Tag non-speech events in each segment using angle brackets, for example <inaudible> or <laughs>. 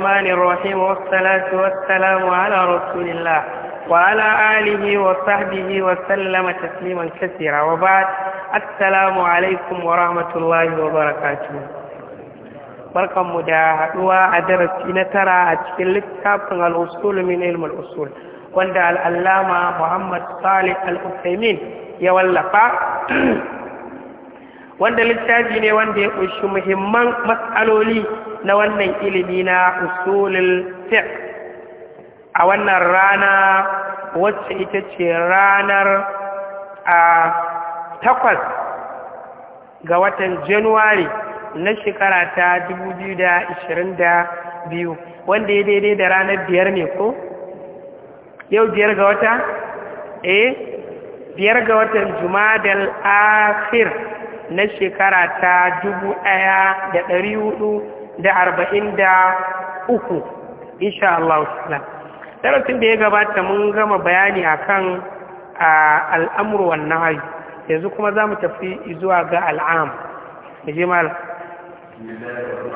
الرحمن الرحيم والصلاة والسلام على رسول الله وعلى آله وصحبه وسلم تسليما كثيرا وبعد السلام عليكم ورحمة الله وبركاته barkanmu da haɗuwa a darasi na tara a cikin littafin al'usul min ilmul usul wanda al'allama muhammad salih al'usaimin ya wallafa <clears throat> wanda littafi ne wanda ya ƙunshi muhimman matsaloli na wannan ilimi na usulul fiqh a wannan rana wacce ita ce ranar a takwas ga watan Januwari na shekara ta biyu, wanda ya daidai da ranar biyar ne ko yau biyar ga wata eh biyar ga watan jumadal akhir na shekara ta dubu ɗaya da ɗari hudu da arba'in da uku insha Allah darasin da ya gabata mun gama bayani akan al'amurwan na hari yanzu kuma za mu tafi zuwa ga al'am. Bismillahirrahmanirrahim.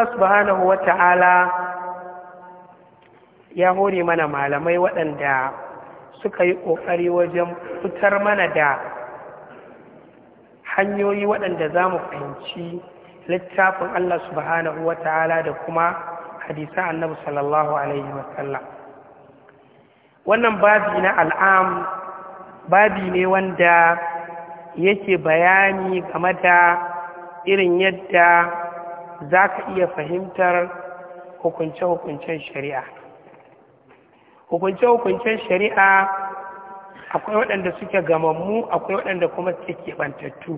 Allah subhanahu wa ta'ala ya hore mana malamai waɗanda suka yi ƙoƙari wajen fitar mana da hanyoyi waɗanda za mu fahimci littafin Allah subhanahu wa ta'ala da kuma hadisa annabi sallallahu Alaihi wasallam. Wannan babi na al'am babi ne wanda yake bayani game da irin yadda za ka iya fahimtar hukunce-hukuncen shari'a hukunce-hukuncen shari'a akwai waɗanda suke gamammu akwai waɗanda kuma suke keɓantattu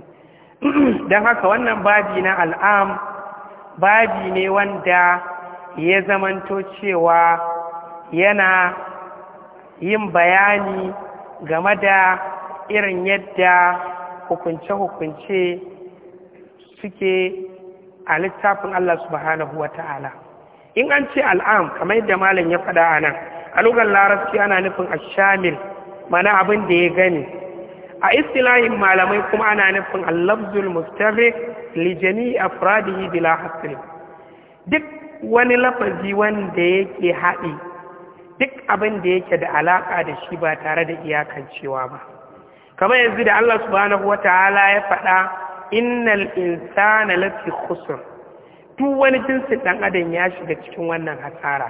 <clears throat> don haka wannan babi na al'am babi ne wanda ya zamanto cewa yana yin bayani game da irin yadda hukunce-hukunce suke a littafin Allah subhanahu wa ta'ala in an ce al'am kamar yadda malam ya faɗa a nan a lugar larabci ana nufin As-Shamil, mana abin da ya gani a istilahin malamai kuma ana nufin allabzul mustafi lijani a furadihi bila hasri duk wani lafazi wanda yake haɗi duk abin da yake da alaƙa da shi ba tare da iyakancewa ba kamar yanzu da Allah subhanahu wa ta'ala ya faɗa innal insana lafi khusr duk wani jinsin ɗan adam ya shiga cikin wannan hasara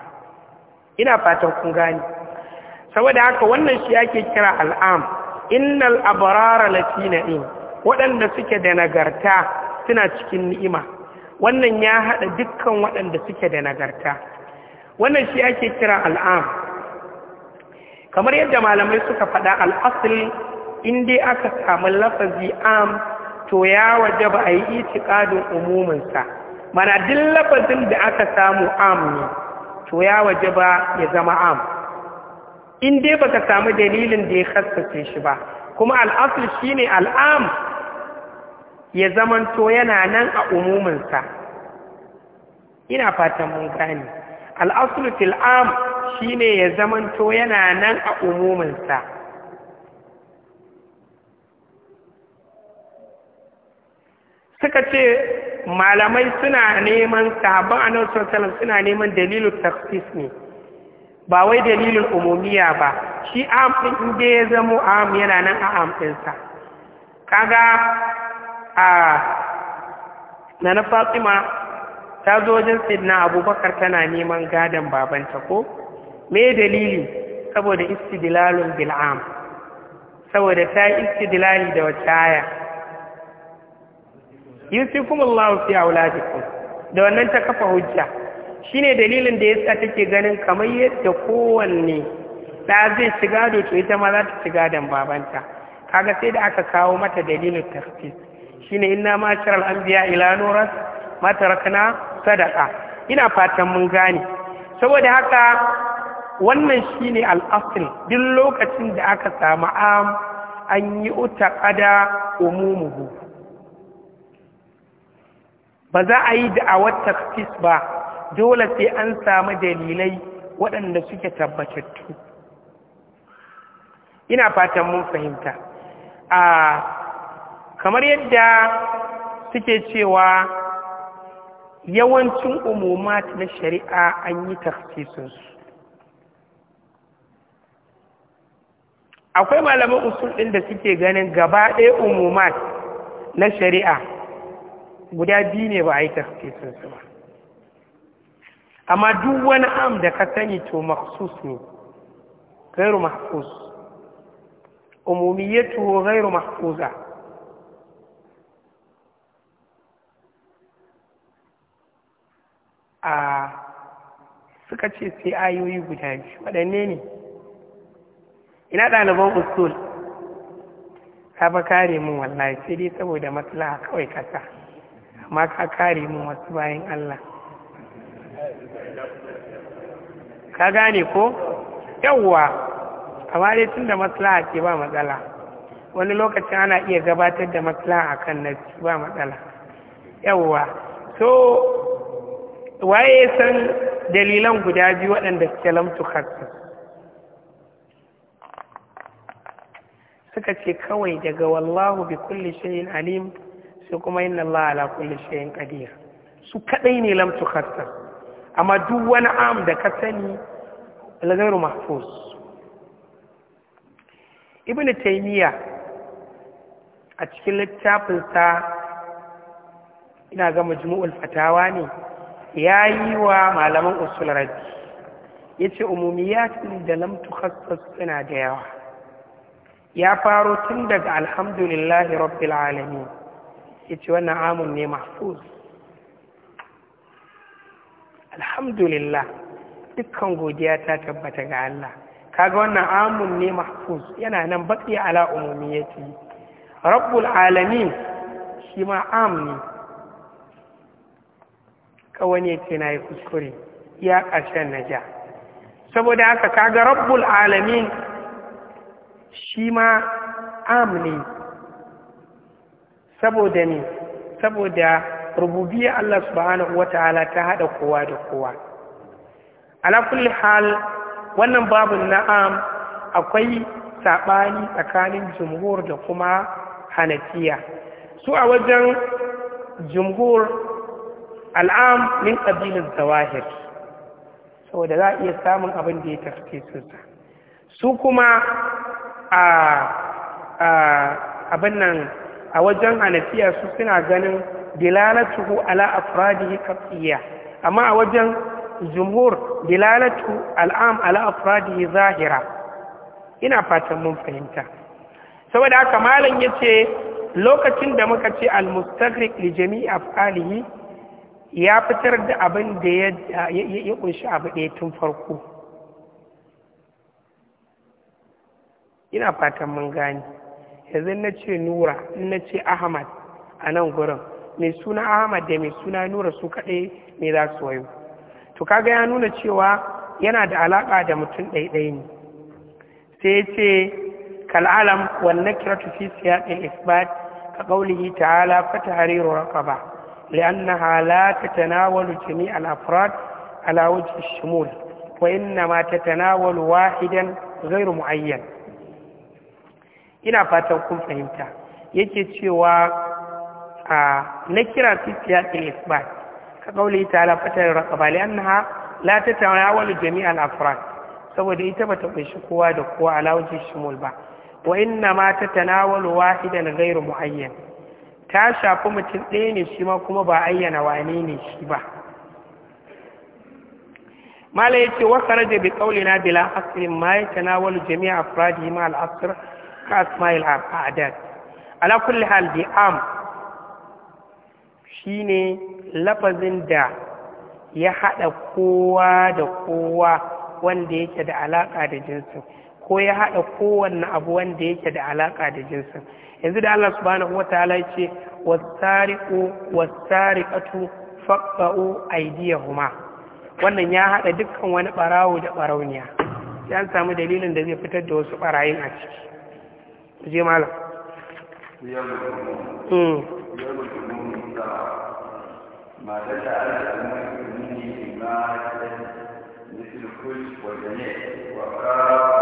ina fatan kun gani saboda haka wannan shi yake kira al'am innal abrara lafi na'im waɗanda suke da nagarta suna cikin ni'ima wannan ya haɗa dukkan waɗanda suke da nagarta wannan shi ake kira al'am kamar yadda malamai suka faɗa al'asir in dai aka samu lafazi am to ya waje ba a yi itikadin umuminsa mana duk lafazin da aka samu am ne to ya waje ba ya zama am in dai ka samu dalilin da ya hassace shi ba kuma al'asul ne al'am ya zamanto yana nan a umuminsa ina fatan mun gane al'asul til'am shi ne ya zamanto yana nan a umuminsa suka ce malamai suna neman sahabban annabi sallallahu suna neman dalilin takhsis ne ba wai dalilin umumiya ba shi amfin inda ya zamo am yana nan a amfinsa kaga a na na fatima ta zo wajen sidna abubakar tana neman gadon babanta ko me dalili saboda istidlalun bil'am saboda ta istidilali da wata aya yusikumullahu fi auladikum da wannan ta kafa hujja shine dalilin da yasa take ganin kamar yadda kowanne da zai shiga da to ita ma za ta shiga da babanta kaga sai da aka kawo mata dalilin tafsir shine inna ma sharal anbiya ila nuras matarakna sadaqa ina fatan mun gane saboda haka wannan shine al-asl duk lokacin da aka samu am an yi utaqada umumuhu ba za a yi da'awar taksis ba dole sai an samu dalilai waɗanda suke tabbatattu ina fatan mun fahimta a kamar yadda suke cewa yawancin umumat na shari'a an yi taksisinsu akwai malaman usul ɗin da suke ganin gaba ɗaya umumat na shari'a guda biyu ne ba a yi tafsirin su ba amma duk wani am da ka sani to maksus ne gairu mahfuz umumiyatu gairu maksusa a suka ce sai ayoyi guda biyu waɗanne ne ina ɗaliban usul ka ba kare mun wallahi sai dai saboda matsala kawai kasa amma ka kare mu masu bayan Allah ka gane ko yawwa amma dai tun da maslaha ce ba matsala wani lokacin ana iya gabatar da maslaha akan nasi ba matsala yawwa so waye san dalilan guda biyu waɗanda suke lamtu hatsi suka ce kawai daga wallahu bi kulli shayin alim sai kuma inna Allah ala kulli shay'in qadir su kaɗai ne Lamtu tukhassar amma duk wani am da ka sani al mahfuz ibn taymiya a cikin littafin ta ina ga majmu'ul fatawa ne yayi wa malaman usul raddi yace umumiyatin da Lamtu tukhassas suna da yawa ya faro tun daga alhamdulillahi rabbil alamin ya ce wannan amun ne mahfuz alhamdulillah dukkan godiya ta tabbata ga Allah kaga wannan amun ne mahfuz yana nan baki ala umumiyati rabbul alamin shi ma am ne wani ya ce na yi kuskure ya ƙarshen naja saboda haka kaga rabbul alamin shi ma am ne saboda ne saboda rububiya Allah subhanahu ta'ala ta haɗa kowa da kowa ala kulli hal wannan babun na'am akwai saɓani tsakanin jumhur da kuma hanafiya su a wajen jumhur al'am min qabiliz zawahir saboda za a iya samun abin da ya tafsirinsa su kuma a abin nan a wajen hanafiya su suna ganin dilalatuhu ala afradihi qat'iyya amma a wajen jumhur dilalatu al'am ala afradihi zahira ina fatan mun fahimta saboda haka malam yace lokacin da muka ce al-mustaghriq li jami' af'alihi ya fitar da abin da ya kunshi abu ɗaya tun farko ina fatan mun gani yanzu na ce nura na ce ahmad a nan gurin mai suna ahmad da mai suna nura su kaɗai ne za su wayo to kaga ya nuna cewa yana da alaƙa da mutum ɗaiɗai ne sai ce kal'alam wannan kira fi siyaƙin isbat ka ta ta'ala fata hariru raqaba li'annaha la tatanawalu jami'a al-afrad ala wajhi ta shumul wa innama tatanawalu wahidan ghayru mu'ayyan ina fatan kun fahimta yake cewa a na kira fi siyaqil isbat ka kauli ala fatar raqaba li annaha la tatawalu jami' al afrad saboda ita bata kunshi kowa da kowa ala wajhi shimul ba wa inna ma tatanawalu wahidan ghairu muayyan ta shafi mutum ɗaya ne shi ma kuma ba ayyana wane ne shi ba mala ya ce waka bi kaulina bila asirin ma ya tanawalu jami'a afradi ma asr كأسماء الأعداد على كل حال بعام shine lafazin da ya haɗa kowa da kowa wanda yake da alaƙa da jinsin ko ya haɗa kowanne abu wanda yake da alaƙa da jinsin yanzu da Allah subhanahu wa ta'ala ya ce wasariqu wasariqatu faqa'u aydiyahuma wannan ya haɗa dukkan wani barawo da barauniya sai an samu dalilin da zai fitar da wasu barayin a ciki je malam matar hmm. da ana tsammani ne ma da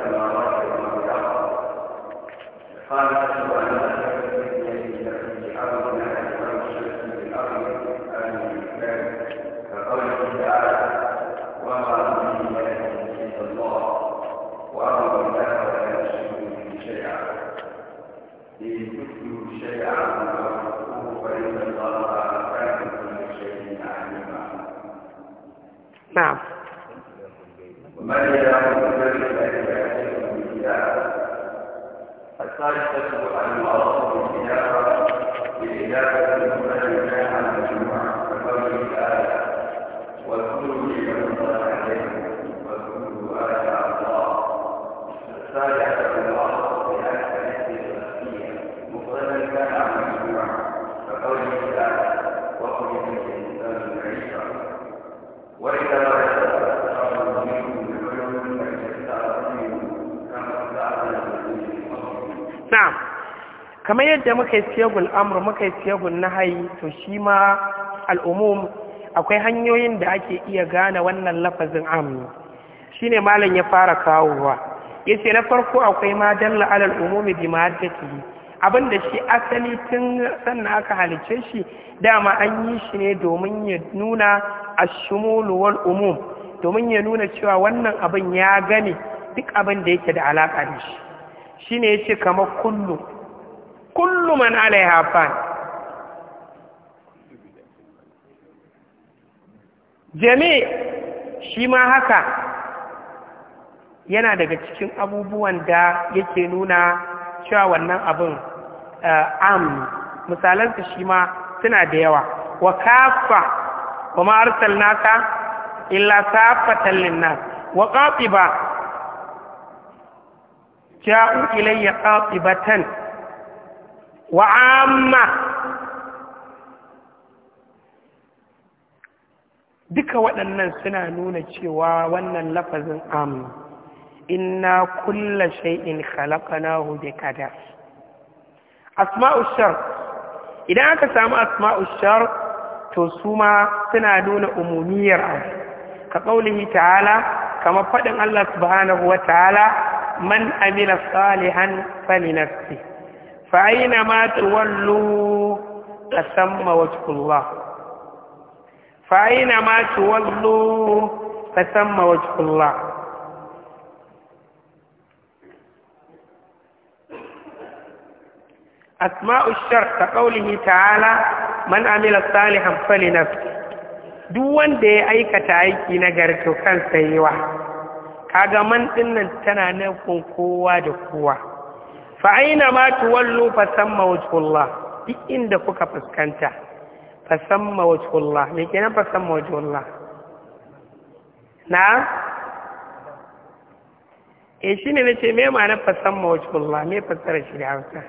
yadda muka yi siyagul amur muka yi siyagul nahayi to shi ma al'umum akwai hanyoyin da ake iya gane wannan lafazin amur shi ne malam ya fara kawowa ya ce na farko akwai ma dalla alal umumi bi ma abin da shi asali tun sannan aka halice shi dama an yi shi ne domin ya nuna a wal umum domin ya nuna cewa wannan abin ya gani duk abin da yake da alaƙa da shi Shi ne ya ce kamar kullum. kullu man alaiha fan jami shi ma haka yana daga cikin abubuwan da yake nuna cewa wannan abin am misalansa shi ma suna da yawa wa kafa wa ma ka? illa kafatan linnas wa qatiba ja'u ilayya qatibatan wa duka waɗannan suna nuna cewa wannan lafazin am inna kulla shay'in khalaqnahu bi qadar asma'u shar idan aka samu asma'u shar to su ma suna nuna umumiyar abu ka ƙaunihi ta'ala kamar faɗin Allah subhanahu wa ta'ala man amila salihan falinafsi fa'ina ma tuwallu fasamma wajhullah fa'ina ma tuwallu fasamma wajhullah أسماء الشر Ta'ala, man من عمل صالحا فلنفسه duk wanda ya aikata aiki na garto kansa yi wa kaga man dinnan tana nufin kowa da kowa fa aina ma tuwallu fa samma wajhullah duk inda kuka fuskanta fa samma wajhullah me kenan fa samma wajhullah eh, na e shine ce me ma'anar fa samma wajhullah me fassara shi da Hausa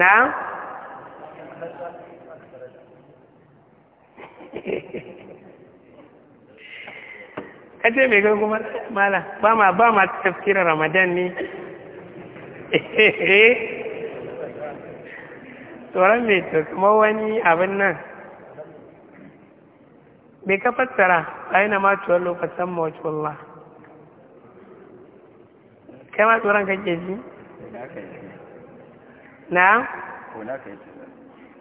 na <laughs> kace me kai kuma mala ba ma ba ma tafsirar Ramadan ne <laughs> tsoron mai to kuma wani abin nan bai ka fassara aina ma tuwar lokacin mawacin kai ma tsoron kake ji? na?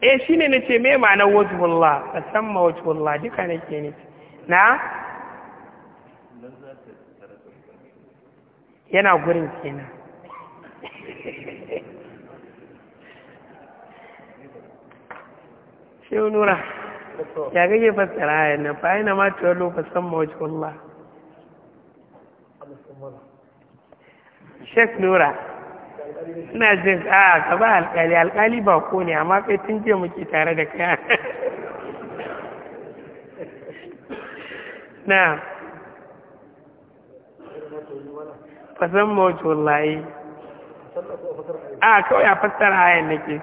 eh shi ne na ce mai ma'anar wajibullah kasan mawajibullah duka na ke ne na? yana gurin kenan shehu nura ya kake fassara ayan nan fa aina ma tuwallo fa samma wajhullah Sheikh Nura ina jin a ka ba alkali alkali ba ko ne amma kai tun je muke tare da kai <laughs> na fasan mawuce wallahi eh. a kawai a fassara ayan nake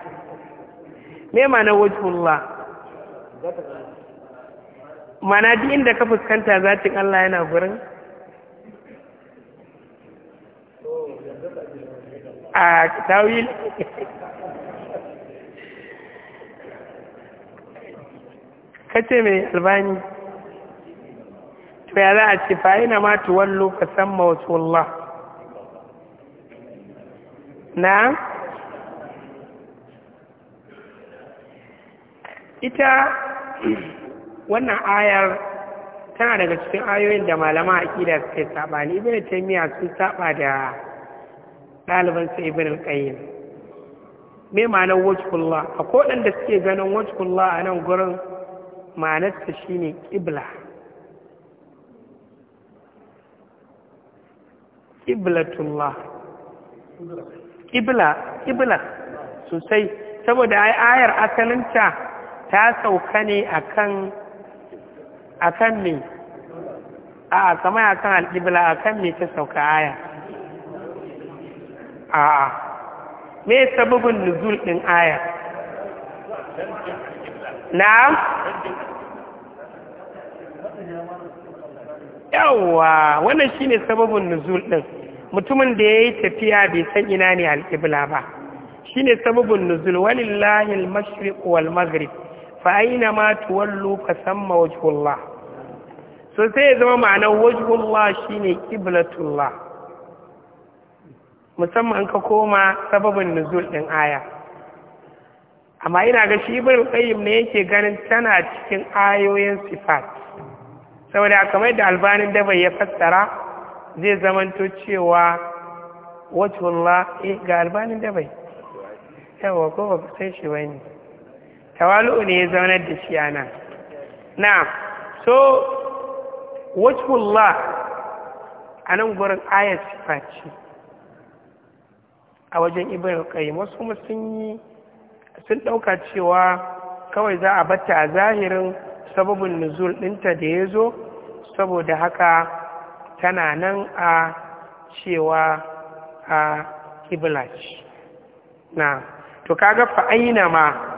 me ma na wuce wallahi mana duk inda ka fuskanta zatin Allah yana gurin a tawil kace mai albani to ya za a ce fa ina ma tuwallo ka san mawatullah na ita wannan ayar tana daga cikin ayoyin da malama aƙida suka yi saɓani ibn taymiya sun saba da ɗalibansa ibn al ƙayyar mai ma'anar wajhullah a koɗan da suke ganin wajhullah a nan gurin ma'anarsa shine ƙibla ƙiblatullah ƙibla ƙibla sosai saboda ayar asalinta ta sauka ne a kan me a ya kan alƙibla kan me ta sauka aya a me sababin nuzul ɗin aya na'am yawwa wannan shine sababin nuzul ɗin mutumin da ya yi tafiya bai san ina ne alƙibla ba shine sababin nuzul walillahi al-mashriq wal maghrib faina ma tuwallu fa samma wajhullah so sai ya zama ma'anar wajhullah shine qiblatullah musamman ka koma sababin nuzul din aya amma ina ga shi ibn qayyim ne yake ganin tana cikin ayoyin sifat saboda kamar da albanin da bai ya fassara zai zamanto cewa wajhullah eh ga albanin da yawa ko ba san shi bane tawalu ne ya zaunar da shi na so wajhullah a nan gurin ayat sifa a wajen ibn qayyim wasu kuma sun yi sun ɗauka cewa kawai za a batta a zahirin sababin nuzul ɗinta da ya zo saboda haka tana nan a cewa a kiblaci na to kaga fa'aina ma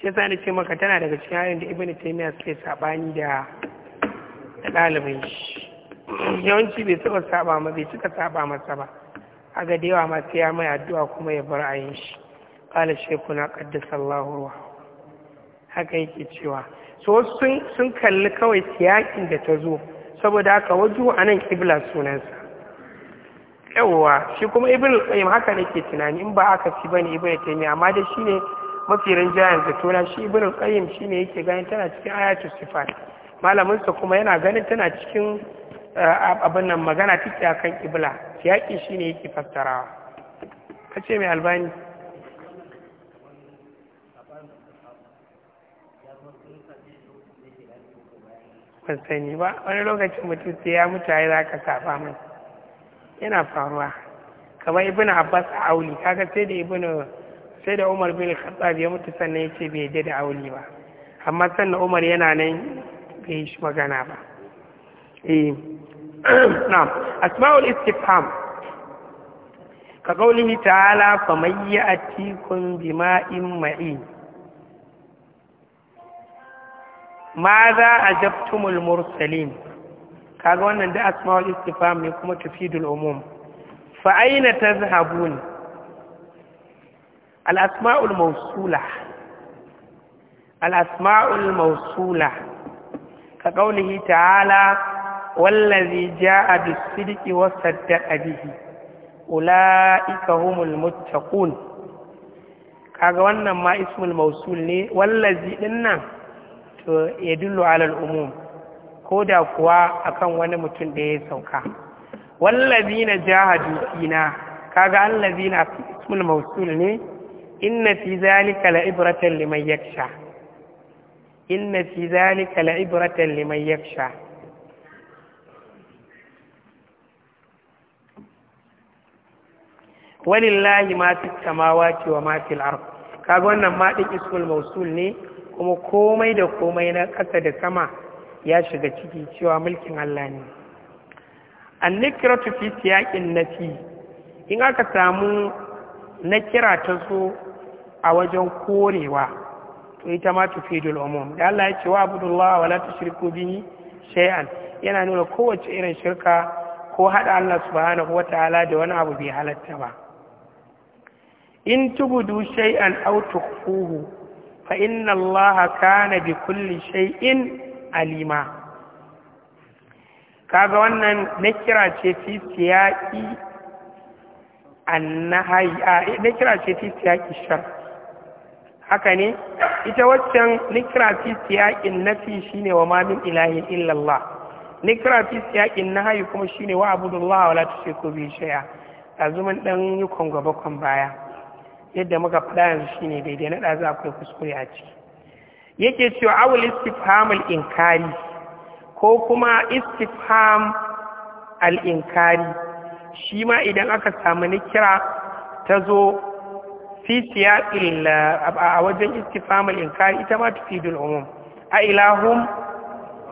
shi yasa na ce maka tana daga cikin ayoyin da yi miya suke sabani da ɗalibin shi yawanci bai saba saba ma bai cika saba masa ba a ga dewa ma ya mai addu'a kuma ya bar ayin shi qala na qaddasa Allahu ruwa haka yake cewa so sun sun kalli kawai siyakin da ta zo saboda haka a nan kibla sunansa yawwa shi kuma ibn qayyim haka nake tunani in ba aka ci bane ibn taymiya amma da shine mafi rinjayen zato shi shi ibn qayyim shine yake ganin tana cikin ayatu sifat malamin sa kuma yana ganin tana cikin eh, abin nan magana take akan qibla yaki shine yake fassarawa kace mai albani ban sani ba wani lokacin mutum sai ya mutu ai za ka saba mai yana faruwa kamar Ibnu abbas a auli kaga sai da ibn sai da umar bin khattab ya mutu sannan ya ce bai je da auli ba amma sannan umar yana nan bai shi magana ba eh <clears throat> na'am asma'ul istifham ka qaulihi ta'ala faman ya'tikum bima'in ma'in ماذا أجبتم المرسلين kaga wannan da asma'ul istifham ne kuma tufidul umum fa aina tazhabun al'asma'ul mausula al'asma'ul mausula كقوله تعالى والذي جاء بالصدق وصدق به bihi هم humul kaga wannan ma ismul mausul ne wallazi dinnan to yadullu alal umum ko da kuwa akan wani mutum da ya sauka wallazi na jahadu fina kaga allazi na ismul mausul ne inna fi zalika la'ibratan liman yaksha inna fi zalika la'ibratan liman yaksha walillahi ma fi samawati wa ma fi al-ard kaga wannan ma din ismul mawsul ne kuma komai da komai na kasa da sama ya shiga ciki cewa mulkin Allah ne annikratu fi siyaqin nafi in aka samu na kira ta so a wajen korewa to ita ma dul umum da Allah ya wa abdullahi wala tushriku bihi shay'an yana nuna kowace irin shirka ko hada Allah subhanahu wataala da wani abu bai halatta ba in tubudu shay'an aw tukhfuhu fa inna Allah kana bi kulli shay'in alima kaga wannan kira ce fi siyaqi kira ce fi siyaqi shar haka ne ita waccan nikra fi siyaqin nafi shine wa mamin ilahi ilahin illa Allah nikra na siyaqin kuma shine wa abudullah wa la bi shay'a zuman dan yi kongo baya yadda muka faɗa yanzu shine daidai na ɗazu akwai kuskure a ciki yake cewa awul istifham al inkari ko kuma istifham al inkari shi ma idan aka samu nikira ta zo fi siyaqil a wajen istifhamul inkari ita ma tufidul umum a ilahum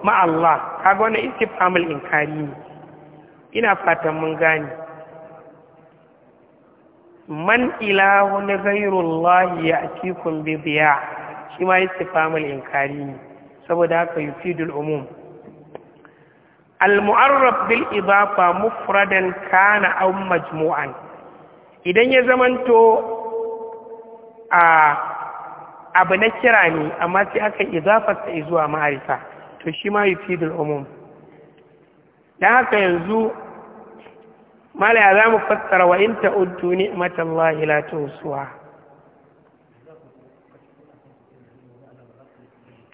ma Allah kaga wannan istifhamul inkari ne ina fatan mun gane man ilahun ghairullah ya'tikum bi biya shi ma istifhamul inkari ne saboda haka yufidul umum al-mu'arraf bil idafa mufradan kana aw majmu'an idan ya zamanto a abu na kira ne amma sai aka yi izafarsa zuwa ma'arifa to shi ma fidil umum dan haka yanzu mala ya zamu fassara wa in ta'uddu matallahi la tuhsuha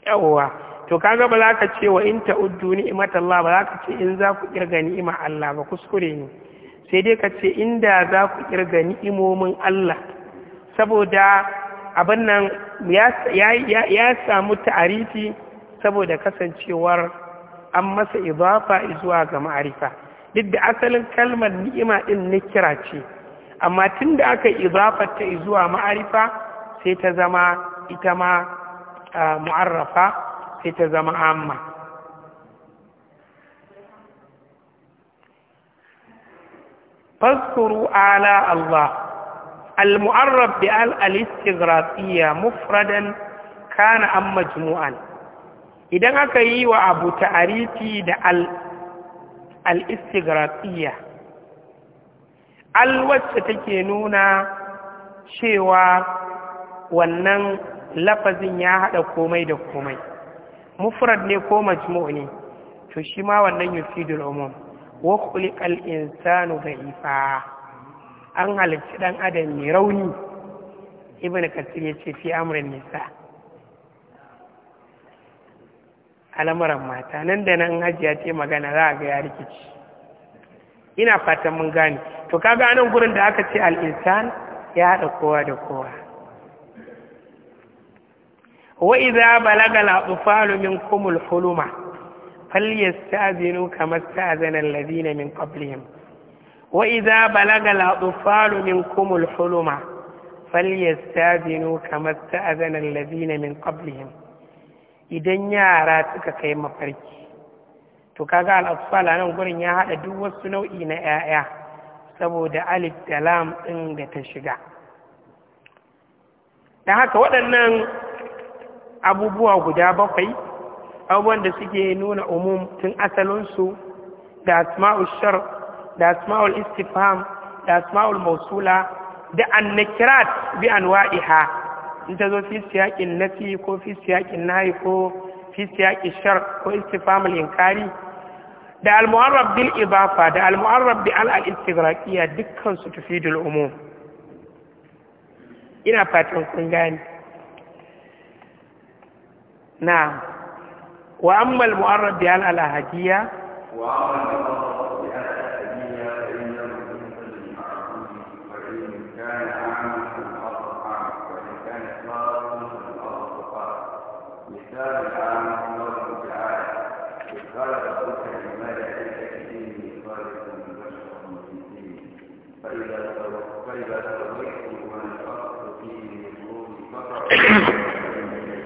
yawwa to kaga ba za ka ce wa in ta'uddu matallahi ba za ka ce in za ku kirga ni'ima Allah ba kuskure ne sai dai ka ce inda za ku kirga ni'imomin Allah saboda abin nan ya samu ta'arifi saboda kasancewar an masa idafa zuwa ga ma'arifa duk da asalin kalmar ni'ima din na kira ce amma tun da aka idafar ta zuwa ma'arifa sai ta zama ita ma mu'arrafa sai ta zama amma faskuru ala Allah المعرب بأل الاستغراقية mufradan كان an مجموعا idan aka yi wa abu ta'arifi da al-istighraqiyya al wacce take nuna cewa wannan lafazin ya haɗa komai da komai mufrad ne ko majmu' ne to shi ma wannan yufidul umum wa khuliqal insanu da'ifa an halarci ɗan adam mai rauni ibn kasir ya ce fi amurin nisa al'amuran mata nan da nan hajiya ce magana za a ga ya rikici ina fatan mun gane to kaga anan gurin da aka ce al'insan ya haɗa kowa da kowa wa iza balaga al min kumul huluma falyastazinu kamar sta'zana alladhina min qablihim Wa'iza idza balaga al-atfalu minkum al-huluma falyastazinu kama sta'azana idan yara suka kai mafarki to kaga al nan gurin ya haɗa duk wasu nau'i na 'ya'ya saboda alif da lam ɗin da ta shiga Da haka waɗannan abubuwa guda bakwai abubuwan da suke nuna umum tun asalinsu da asma'ul shar da asma'ul istifham da asma'ul mausula da annakirat bi anwa'iha in ta zo fi siyaqin nafi ko fi siyaqin nahi ko fi siyaqin shar ko istifhamul inkari da al-mu'arrab bil idafa da al-mu'arrab bi al-istighraqiyya dukkan su tufidul umum ina fatan kun gani na wa amma al-mu'arrab bi al-alahadiyya wa amma فإذا فإذا فيه من فسجد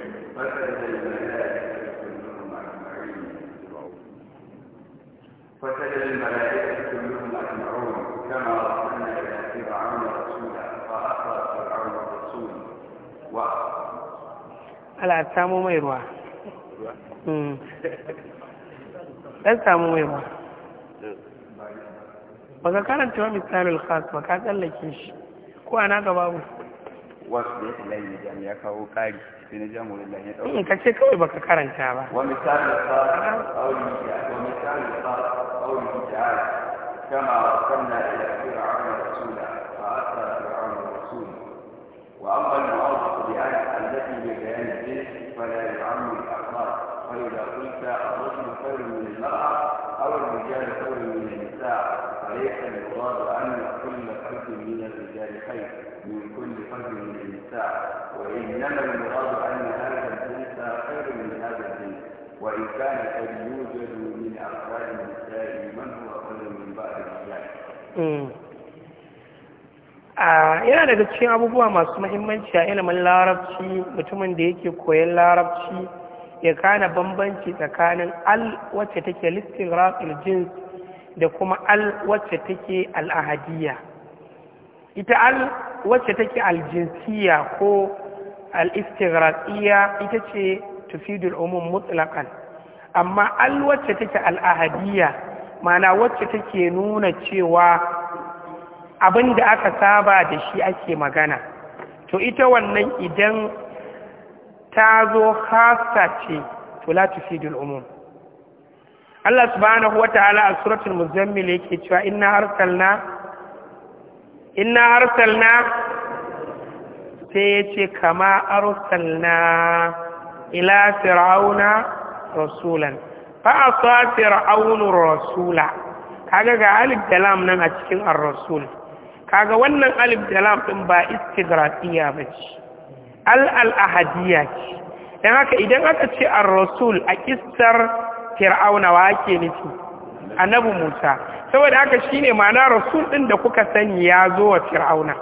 الملائكة كلهم أجمعين الملائكة كلهم أجمعون كما أرسلنا إلى فرعون رسولا فأخرج فرعون الرسول و العسام ميروه ɗan samu mai ruwa ba ka karanta wa misalin khas ba ka tsallake shi ko ana ga babu wasu da yake layi jam ya kawo ƙari sai na jamu lillahi ya ɗauka ka ce kawai baka karanta ba wa misalin khas qawli ya wa misalin khas qawli ta'ala kama wasanna ila fir'auna rasula fa asa fir'auna rasula wa amma al-mu'awwaq bi ayat allati bi bayan al-jins fala yu'ammu al-akhbar fa idha qulta ar-rajulu khayrun min al-mar'a aw al-rijalu khayrun النساء وإنما المراد أن هذا الجنس خير من هذا الجنس وإن كان قد يوجد من أفراد النساء من هو خير من بعض الرجال yana daga cikin abubuwa masu mahimmanci a ilimin larabci mutumin da yake koyon larabci ya kana bambanci tsakanin al wacce take listin rasul jins da kuma al wacce take al'ahadiyya ita al wacce take aljinsiya ko al-istighraqiyya ita ce tufidul umum mutlaqan amma al wacce take al-ahadiyya ma'ana wacce take nuna cewa abin da aka saba da shi ake magana to ita wannan idan ta zo khassa ce to la tufidul umum Allah subhanahu ta'ala a suratul muzammil yake cewa inna arsalna inna arsalna sai ya ce kama arsalna ila fir'auna rasulan fa asa fir'aunu rasula kaga ga alif da lam nan a cikin ar-rasul kaga wannan alif da lam din ba ba bace al al ahadiyya ce dan haka idan aka ce ar-rasul a kissar fir'auna wa ake nufi annabi Musa saboda haka shine ma'ana rasul ɗin da kuka sani ya zo wa fir'auna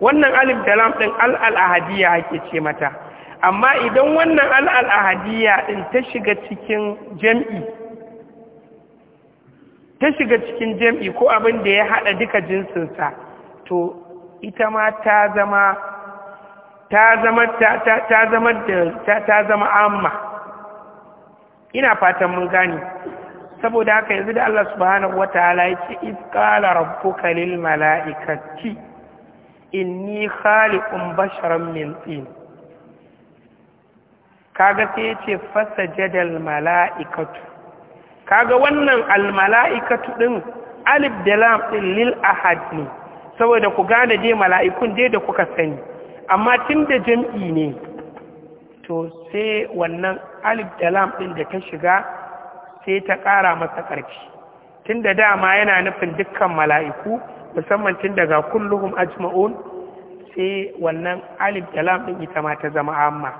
wannan alif da lam ɗin al-ahadiyya ake ce mata amma idan wannan al-ahadiyya ɗin ta shiga cikin jam'i ta shiga cikin jam'i ko abin da ya haɗa duka jinsinsa to ita ma ta zama ta zama ta zama ta zama amma ina fatan mun gane saboda haka yanzu da Allah subhanahu wataala yake ifqala rabbuka lil mala'ikati inni khaliqun basharan min tin kaga sai yace fasajadal mala'ikatu kaga wannan al mala'ikatu din alif da lam din lil ahad ne saboda ku gane dai mala'ikun dai da kuka sani amma da jam'i ne to sai wannan alif da lam din da ta shiga sai ta ƙara masa ƙarfi tun da dama yana nufin dukkan mala'iku musamman tun daga kulluhum ajma'un sai wannan alif da lam ɗin ita ma ta zama amma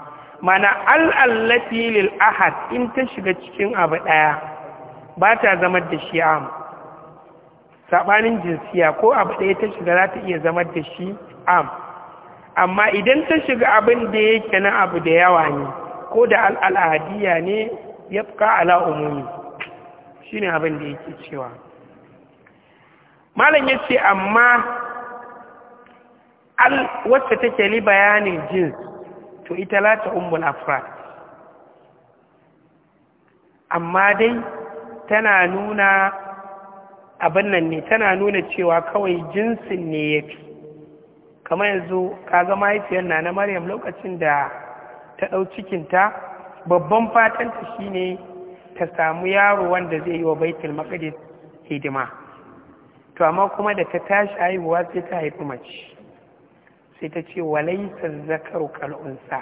mana al'allati lil ahad in ta shiga cikin abu ɗaya ba ta zama da shi am saɓanin jinsiya ko abu ɗaya ta shiga za ta iya zama da shi am amma idan ta shiga abin da yake na abu da yawa ne ko da al'al'adiyya ne yabqa ala umumi shine abin da yake cewa malam yace amma al wacce take li bayanin jins to ita la ta ummul afrad amma dai tana nuna abin nan ne tana nuna cewa kawai jinsin ne yafi kamar yanzu kaga mahaifiyar na na Maryam lokacin da ta ɗau ta. babban fatanta ne ta samu yaro wanda zai yi wa baitul maqdis hidima to amma kuma da ta tashi haihuwa sai ta haifi mace sai ta ce walaisa zakaru kal'unsa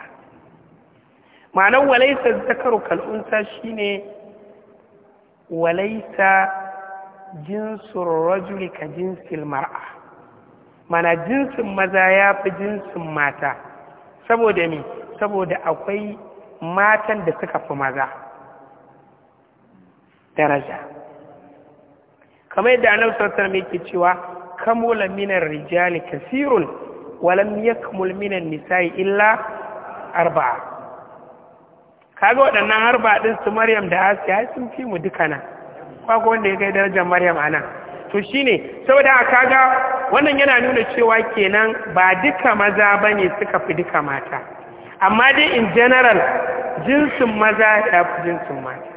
ma'anar walaisa zakaru kal'unsa shine walaisa jinsin rajuli ka jinsin mar'a mana jinsin maza ya fi jinsin mata saboda ne saboda akwai matan da suka fi maza daraja kamar yadda annabi sallallahu alaihi yake cewa kamula minar rijali kasirun walam yakmul minan nisa'i illa arba'a kaga waɗannan harba din su Maryam da Asiya sun fi mu dukana kaga wanda ya kai darajar Maryam anan to shine saboda kaga wannan yana nuna cewa kenan ba duka maza bane suka fi duka mata amma dai in general jinsin maza ya fi jinsin mata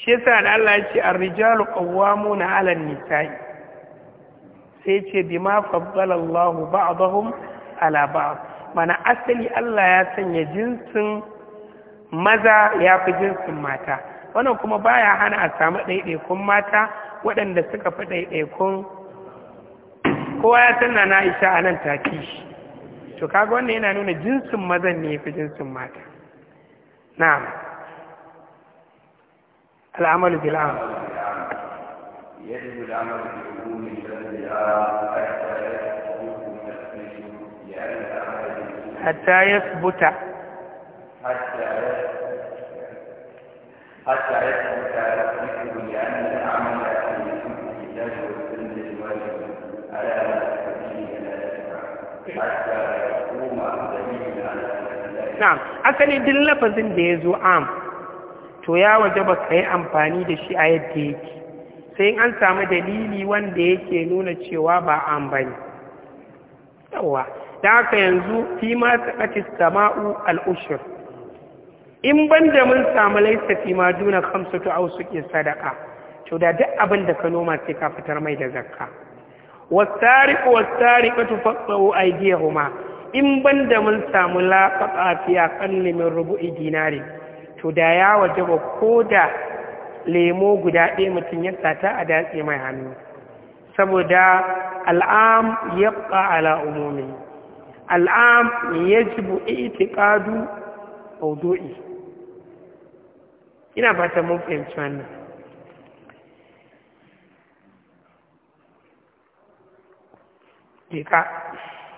shi yasa da Allah ya ce a rijalu qawwamuna na alan nisai sai ce bima faddala Allah ba'dahum 'ala ba'd mana asali Allah ya sanya jinsin maza ya fi jinsin mata wannan kuma baya hana a samu ɗaiɗaikun mata waɗanda suka fi ɗaiɗaikun kowa ya sanna na isha a nan take shi to kaga wannan yana nuna jinsin mazan ne fi jinsin mata na'am al'amalu bil amal يجب العمل بعلوم حتى يثبت hatta yasbuta na'am asali din lafazin da ya zo am to ya waje ba ka yi amfani da shi a yadda yake sai in an samu dalili wanda yake nuna cewa ba am ba ne yawa da haka yanzu fi ma tsakatis sama'u al'ushir in ban da mun samu laisa fi ma duna kamsu au suke sadaka to da duk abin da ka noma sai ka fitar mai da zakka wasariƙo wasariƙo tufafa'u aidiyahuma in ban da mun samu lafaka fiya kan neman rubu'i dinari to da ya waje ba ko da lemo guda ɗaya mutum ya sata a datse mai hannu saboda al'am ya ala umumi al'am ya ji bu'i a maudu'i ina fata mun fahimci wannan Dika.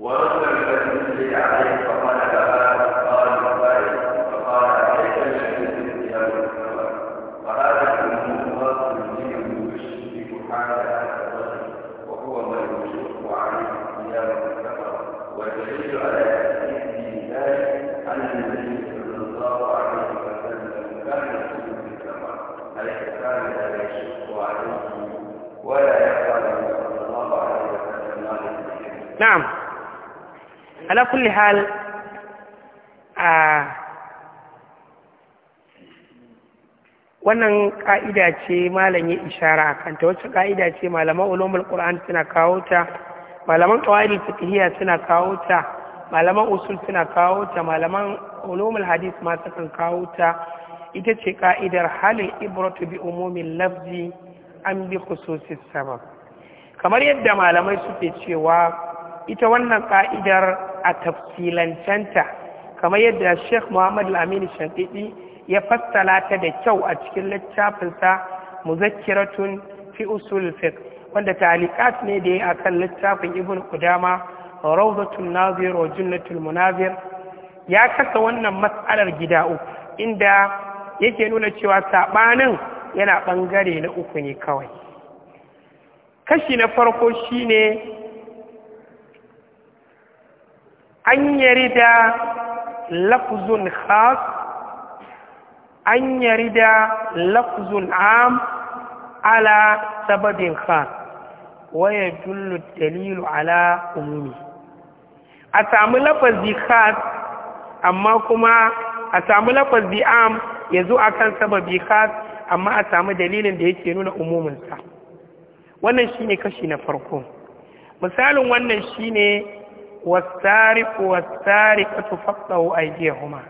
ورد الذي عليه فقال ala kulli hal a wannan ka'ida ce malam ya ishara a kanta wacce ka'ida ce malaman ulumul qur'an suna kawo ta malaman qawaidul fiqhiyya suna kawo ta malaman usul suna kawo ta malaman ulumul hadith ma sukan kawo ta ita ce ka'idar halin ibratu bi umumin lafzi an bi khususis sabab kamar yadda malamai suke cewa ita wannan ka'idar a tafsilancanta kamar yadda Sheikh Muhammad Al-Amin ya fassala ta da kyau a cikin littafinsa Muzakkiratun fi usul fiqh wanda ta'liqat ne da a kan littafin Ibn Qudama rawdatul Nazir wa Jannatul Munazir ya kasa wannan mas'alar gida uku inda yake nuna cewa sabanin yana bangare na uku ne kawai kashi na farko shine an yarida lafzun khas an yarida lafzun am ala sababin khas waya jullu dalilu ala umumi a samu lafazi khas amma kuma a samu lafazi am ya zo a kan sababi khas amma a samu dalilin da yake nuna umuminsa wannan shi ne kashi na farko misalin wannan shi ne. والسارق والسارقة فقطعوا أيديهما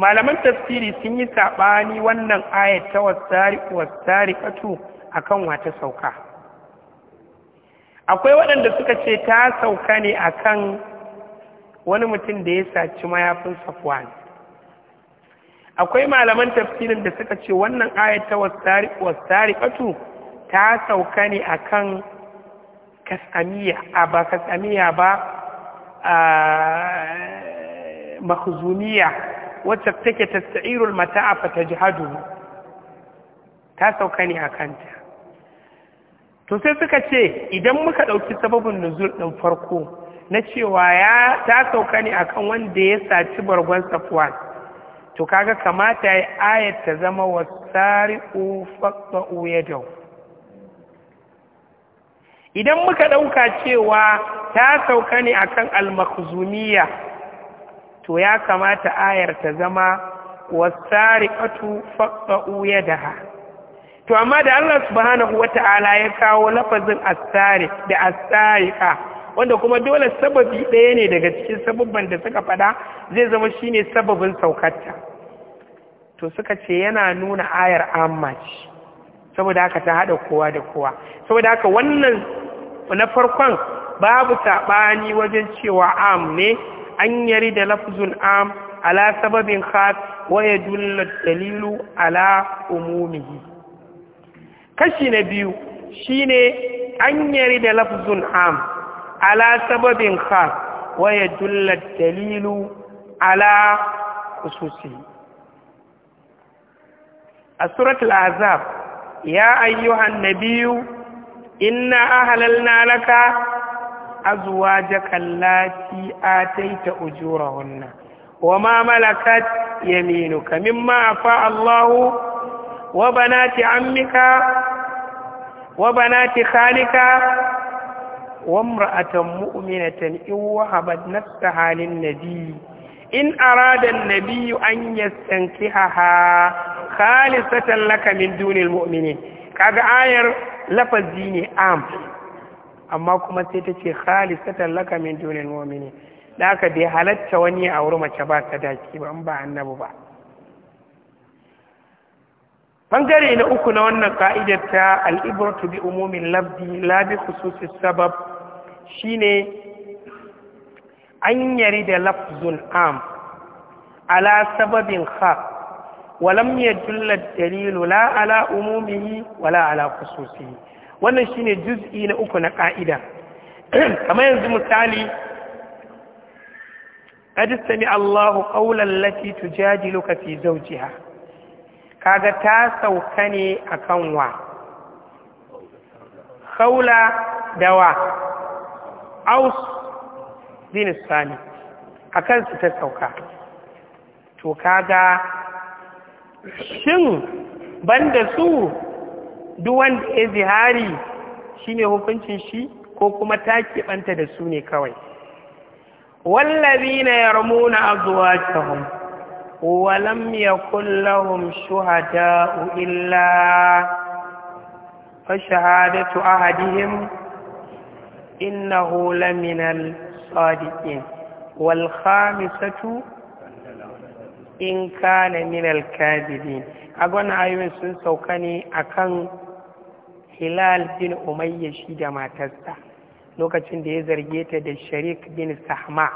malaman tafsiri sun yi saɓani wannan ayat ta wasariƙatu a akan wata sauka akwai waɗanda suka ce ta sauka ne akan wani mutum da ya saci mayafin safwan akwai malaman tafsirin da suka ce wannan ayat ta wasariƙatu ta sauka ne akan. kas'amiya ba kas'amiya ba a makhzumiya wacce take tasta'irul mata'a fa tajhadu ta sauka ne akanta to sai suka ce idan muka dauki sababin nuzul din farko na cewa ya ta sauka ne akan wanda ya saci bargon safwan to kaga kamata ya ayat ta zama wasari'u faqta'u yadahu idan muka ɗauka cewa ta sauka ne a kan almakuzumiya to ya kamata ayar ta zama uya da ha. to amma da Allah subhanahu ta'ala ya kawo lafazin as-sariq da as wanda kuma dole sababi ɗaya ne daga cikin sababban da suka fada zai zama shi ne sababin saukarta to suka ce yana nuna ayar amma ce saboda haka ta haɗa kowa da kowa saboda haka wannan na farkon babu saɓani wajen cewa am ne an yari da lafzun am ala sababin khas wa dulla dalilu ala umumihi kashi na biyu shine an yari da lafzun am ala sababin khas wa dulla dalilu ala khususi a suratul azab ya ayyuhan nabiyu inna ahalalna laka azwajaka allati ataita ujurahunna wama malakat yaminuka mimma afa Allahu wa banati ammika wa banati khalika wa imra'atan mu'minatan in wahabat nafsaha lin nabiy in arada an-nabiy an yastankihaha khalisatan laka min duni al-mu'minin kaga ayar lafazi ne am amma kuma sai ta ce khalisatan laka min dunil mu'mini da aka bai halatta wani a wuri mace ba sadaki ba in ba annabi ba bangare na uku na wannan ka'idar ta al'ibratu bi umumin labdi la bi khususi sabab shine an yari da lafzun am ala sababin khas walam yadulla dalilu la ala umumihi wala ala khususihi wannan shine juz'i na uku na ka'ida <clears throat> kamar yanzu misali qad Allahu qawlan allati tujadiluka fi zawjiha kaga ta sauka ne akan wa qawla dawa aus bin sani akan su ta sauka to kaga shin banda su duwan wanda ya zihari shine hukuncin shi ko kuma ta keɓanta da su ne kawai wallazina yarmuna azwajahum wa lam yakul lahum shuhada illa fa shahadatu ahadihim innahu laminal sadiqin wal khamisatu in kana min a agwana ayoyin sun sauka ne akan hilal bin umayya shi da matarsa lokacin da ya zarge ta da sharik bin sahma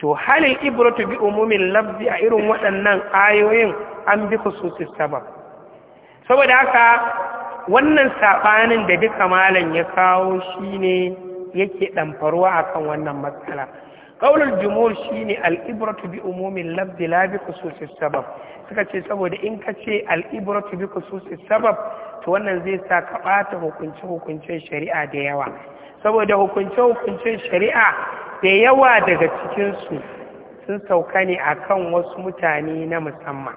to halin ibratu bi umumin labzi a irin waɗannan ayoyin an bi khususis sabab saboda haka wannan saɓanin da duka malam ya kawo shi ne yake ɗamfaruwa akan wannan matsala qaulul jumhur shine al bi umumin lafzi la bi khususis sabab suka ce saboda in ka ce al-ibratu bi khususis sabab to wannan zai sa ka ɓata hukunce hukuncen shari'a da yawa saboda hukunce hukuncen shari'a da yawa daga cikinsu sun sauka ne a kan wasu mutane na musamman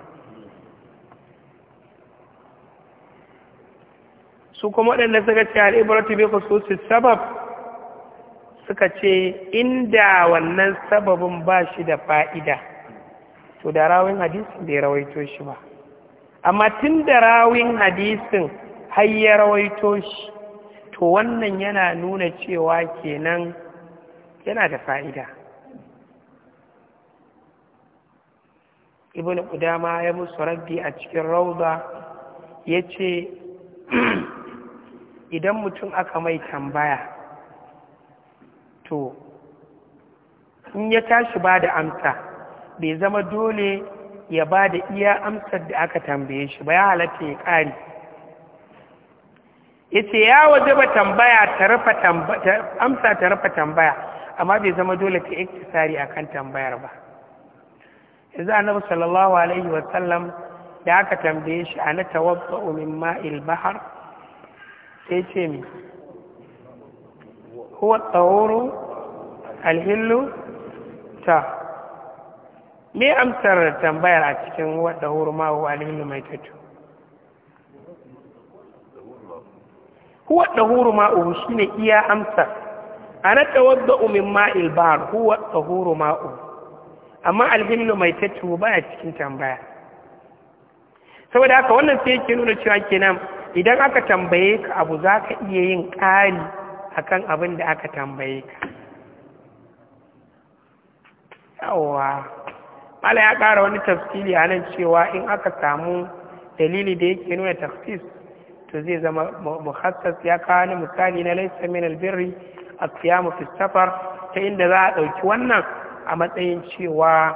su kuma waɗanda suka ce al'ibaratu bai khususi sabab suka ce inda wannan sababin ba shi da fa'ida to da rawin hadisin bai rawaito shi ba amma tun da rawin hadisin har ya rawaito shi to wannan yana nuna cewa kenan yana da fa'ida ibn Qudama ya musu rabbi a cikin rauda ya ce <clears throat> idan mutum aka mai tambaya to in ya tashi ba da amsa bai zama dole ya ba da iya amsar da aka tambaye shi ba ya halatta ya ƙari ya ce ya waje ba tambaya amsa ta rufa tambaya amma bai zama dole ta iktisari a kan tambayar ba yanzu annabi sallallahu alaihi wasallam da aka tambaye shi a na tawabba umin ma'il bahar sai ce mai huwa tsaworo alhillu ta me amsar tambayar a cikin huwa tsaworo ma huwa alhillu mai tattu huwa tsaworo ma uhu shi iya amsar ana tawadda umin ma'il bahar huwa tsaworo ma uhu amma alhillu mai tattu baya cikin tambaya saboda haka wannan sai yake nuna cewa kenan idan aka tambaye ka abu za ka iya yin ƙari akan abin da aka tambaye ka yawwa mala ya ƙara wani tafsiri a nan cewa in aka samu dalili da yake nuna tafsis to zai zama muhassas ya kawo ni misali na laisa min albirri a kiyamu fi ta inda za a ɗauki wannan a matsayin cewa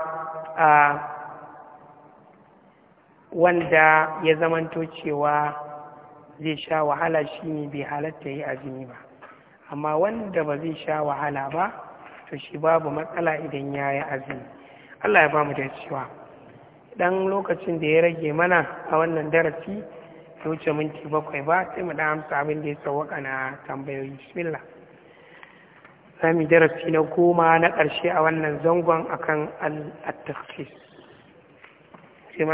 wanda ya zamanto cewa zai sha wahala shi ne bai halatta yi azumi ba amma wanda ba zai sha wahala ba to shi babu matsala idan ya yi azumi Allah ya ba mu cewa. dan lokacin da ya rage mana a wannan darasi ya wuce minti bakwai ba sai mu da amsa abin da ya sauwaka na tambayoyi bismillah za darasi na goma na ƙarshe a wannan zangon akan al-takhsis sai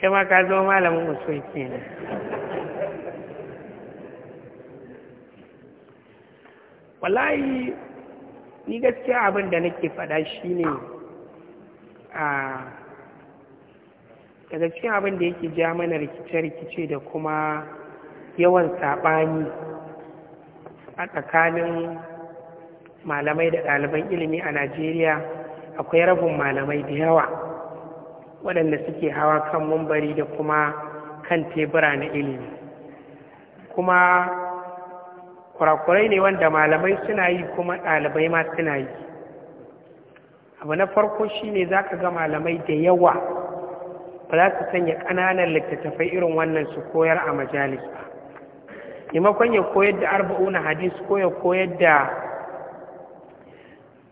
kai ma ka zo malamin usul kenan wallahi ni gaskiya abin da nake faɗa shine a daga cikin abin da yake ja mana rikice-rikice da kuma yawan saɓani a tsakanin malamai da ɗaliban ilimi a najeriya akwai rabin malamai da yawa waɗanda suke hawa kan mumbari da kuma kan tebura na ilimi kuma kurakurai ne wanda malamai suna yi kuma ɗalibai ma suna yi abu na farko shine za ka ga malamai da yawa ba za su sanya ƙananan littattafai irin wannan su koyar a majalis ba imakon ya koyar da arba'una hadis ko ya koyar da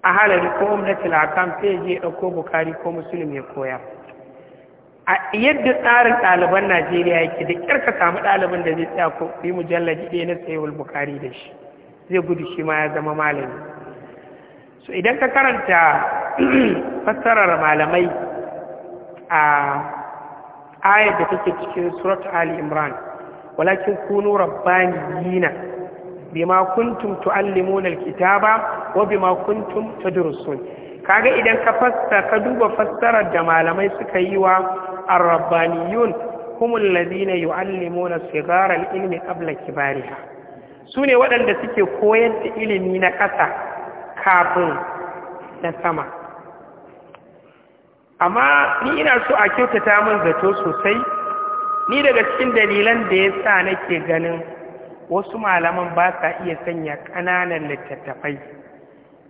ahalari ko umnatul akam sai je ɗauko bukari ko musulmi ya koyar a yadda tsarin ɗaliban najeriya yake da ƙyar ka samu ɗaliban da zai tsaya ko yi jallaji ɗaya na tsayewar mukari da shi zai gudu shi ma ya zama malami so idan ka karanta <clears throat> fassarar malamai a ayar da take cikin surat ali imran walakin kunu rabbaniyina bima kuntum tuallimuna alkitaba wa bima kuntum tadrusun kaga idan ka fassa ka duba fassarar da malamai suka yi wa ar-rabbaniyun humul ladina yu'allimuna sigara al-ilmi qabla kibariha sune waɗanda suke koyar da ilimi na ƙasa kafin na sama amma ni ina so a kyautata min zato sosai ni daga cikin dalilan da ya sa nake ganin wasu malaman ba sa iya sanya ƙananan littattafai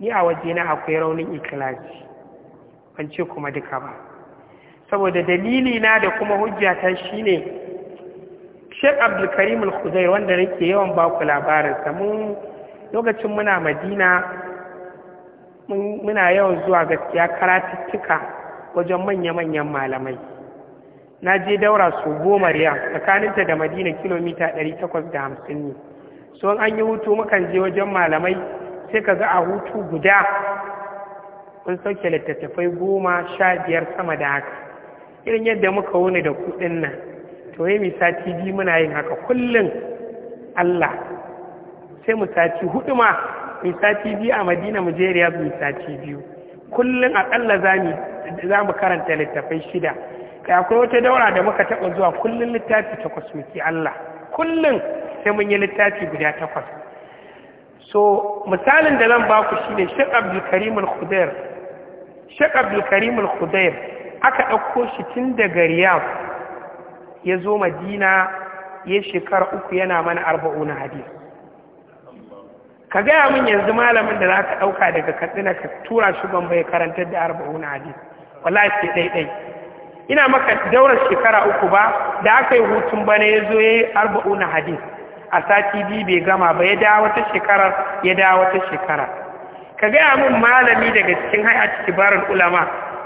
ni a waje na akwai raunin ikilaji ban ce kuma duka ba saboda dalili na da kuma hujjata shine Sheikh Abdulkarim al khuzai wanda rike yawan ba ku labarinsa mun lokacin muna Madina muna yawan zuwa gaskiya karatuttuka wajen manya-manyan malamai na je daura su goma riya tsakaninta da madina kilomita 850 ne so an yi hutu mukan je wajen malamai sai ka ga a hutu guda kun sauke littattafai goma sha biyar sama da haka irin yadda muka wuni da kuɗin nan to yi mi sati biyu muna yin haka kullum Allah sai mu sati hudu ma mi sati biyu a Madina mu je mu sati biyu kullum a za mu za mu karanta littattafai shida Da akwai wata daura da muka taɓa zuwa kullum littafi takwas muke Allah kullum sai mun yi littafi guda takwas so misalin da zan baku shi ne Abdul Karim Al-Khudair Abdul aka ɗauko shi tun daga Riyadh ya zo Madina ya shekara uku yana mana arba'una hadis ka gaya min yanzu malamin da za ka ɗauka daga katsina ka tura shi gwamba karantar da arba'una hadis wallahi sai ɗaiɗai ina maka daura shekara uku ba da aka yi hutun bana ya zo ya yi hadis a sati biyu bai gama ba ya dawo wata shekara ya dawo wata shekara ka gaya min malami daga cikin ciki barin ulama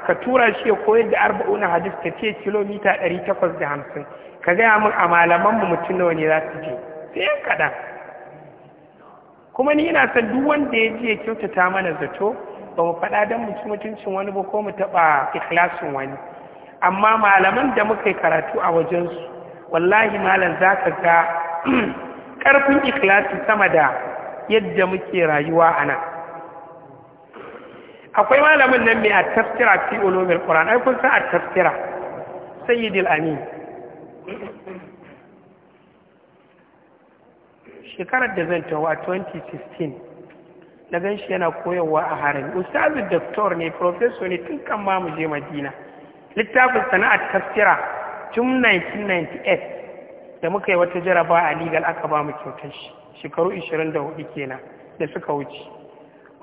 ka tura shi ya koyar da arba'una hadis ta ce kilomita ɗari takwas da hamsin ka gaya min a malaman mu mutum nawa ne za su je sai yan kaɗan kuma ni yana son duk wanda ya je ya kyautata mana zato ba mu faɗa don mutum mutuncin wani ba ko mu taɓa ikhlasin wani amma malaman da muka yi karatu a wajensu wallahi malam za ka ga <clears throat> ƙarfin ikilasi sama da yadda muke rayuwa a nan akwai malamin nan mai a tafsira fi ulumul ƙoran ai kun san a tafsira sayyidul amin shekarar da zan tawa a 2016 na gan shi yana koyarwa a harin. ustazu doktor ne professor ne tun kan ma je madina littafin sana'ar tafsira tun 1998 da muka yi wata jaraba a legal aka ba mu kyautar shi shekaru 24 kenan da suka wuce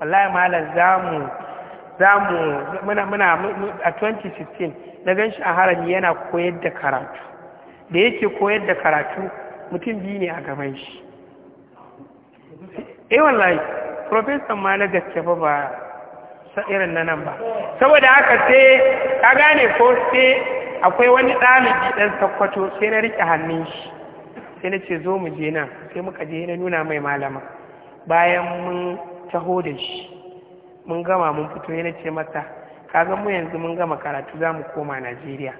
wallahi malam za mu za mu muna muna a 2016 na ganshi a harami yana koyar da karatu da yake koyar da karatu mutum biyu ne a gaban shi eh wallahi professor ma na gaske ba ba irin na nan ba saboda haka sai ka gane ko sai akwai wani ɗalibi ɗan sakkwato sai na riƙe hannun shi sai na ce zo mu je nan sai muka je na nuna mai malama bayan mun taho da shi mun gama mun fito yana ce mata kaga mu yanzu mun gama karatu za mu koma najeriya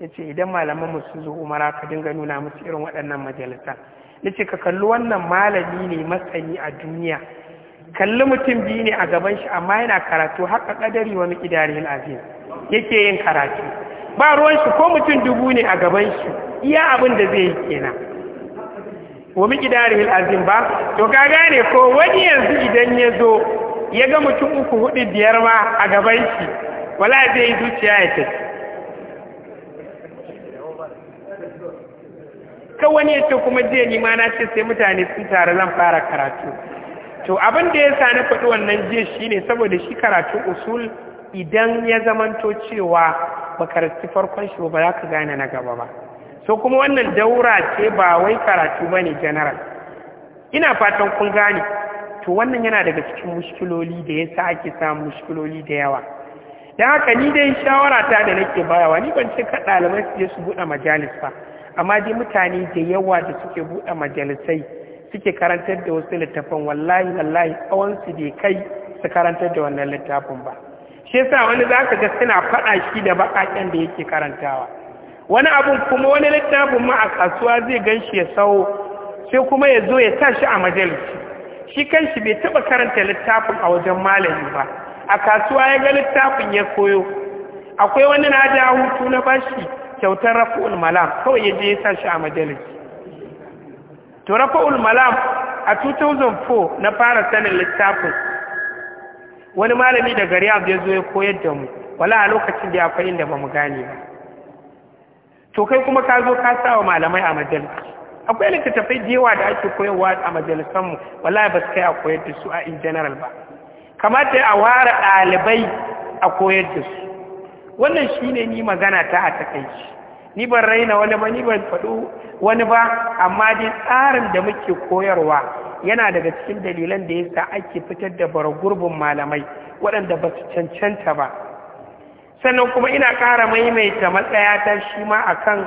ya ce idan malaman mu sun zo umara ka dinga nuna musu irin waɗannan majalisa ya ce ka kalli wannan malami ne masani a duniya kalli mutum biyu ne a gaban shi amma yana karatu haka kadari wani idari yake yin karatu ba ruwan shi ko mutum dubu ne a gaban shi iya abin da zai yi kenan wa miki darihil azim ba to ka gane ko wani yanzu idan ya zo ya ga mutum uku hudu biyar ma a gaban shi wala zai yi zuciya ya tafi ka wani ya ce kuma jiya ni ma na ce sai mutane sun tare zan fara karatu to abin da ya sa na faɗi wannan jiya shine saboda shi karatu usul idan ya zamanto cewa bakarci farkon shi ba za ka gane na gaba ba so kuma wannan daura ce ba wai karatu ba ne general ina fatan kun gane to wannan yana daga cikin mushkiloli da ya sa ake samun mushkiloli da yawa don haka ni dai shawara ta da nake bayawa ni ban ce ka ɗalibai su je su buɗe majalis ba amma dai mutane da yawa da suke buɗe majalisai suke karantar da wasu littafan wallahi wallahi tsawon su bai kai su karantar da wannan littafin ba shi sa wani za ka ga suna faɗa shi da baƙaƙen da yake karantawa wani abu kuma wani littafin ma a kasuwa zai gan shi ya sau sai kuma ya zo ya sa shi a majalisi shi kan shi bai taɓa karanta littafin a wajen malami ba a kasuwa ya ga littafin ya koyo akwai wani na da hutu na bashi kyautar rafa'ul malam kawai ya je ya sa shi a majalisi to rafa'ul malam a 2004 na fara sanin littafin wani malami daga riyab ya zo ya koyar da mu wala a lokacin da ya fa'in inda ba mu gane ba to kai kuma ka zo ka sa wa malamai a majalisa akwai littattafai da yawa da ake koyarwa a majalisanmu wala ba su kai a koyar da su a in general ba kamata a ware ɗalibai a koyar da su wannan shi ne ni magana ta a takaici ni ban raina wani ba ni ban faɗo wani ba amma dai tsarin da muke koyarwa yana daga cikin dalilan da ya yasa ake fitar da gurbin malamai waɗanda ba su cancanta ba sannan kuma ina ƙara maimaita matsaya ta shi ma akan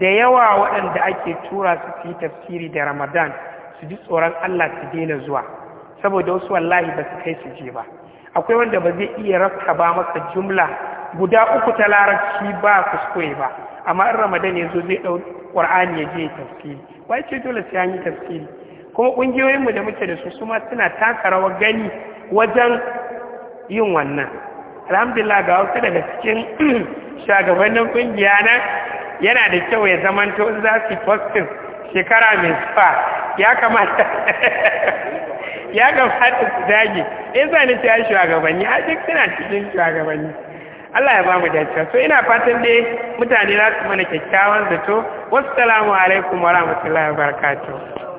da yawa waɗanda ake tura su fi tafsiri da ramadan su ji tsoron allah su daina zuwa saboda wasu wallahi ba su kai su je ba akwai wanda ba zai iya rafta ba masa jumla guda uku ta larabci ba kuskure ba amma in ramadan ya zo zai ɗau ƙur'ani ya je tafsiri wai ce dole sai an yi tafsiri kuma ƙungiyoyinmu da muke da su su ma suna taka rawar gani wajen yin wannan alhamdulillah ga wasu daga cikin <clears throat> shagabannin ƙungiya na yana da kyau ya zamanto in za su postin shekara mai spa ya kamata <laughs> ya kamata su dage in zane ce shugabanni a duk suna cikin shugabanni Allah ya ba mu dace so ina fatan dai mutane za su mana kyakkyawan zato wassalamu alaikum wa rahmatullahi wa barakatuh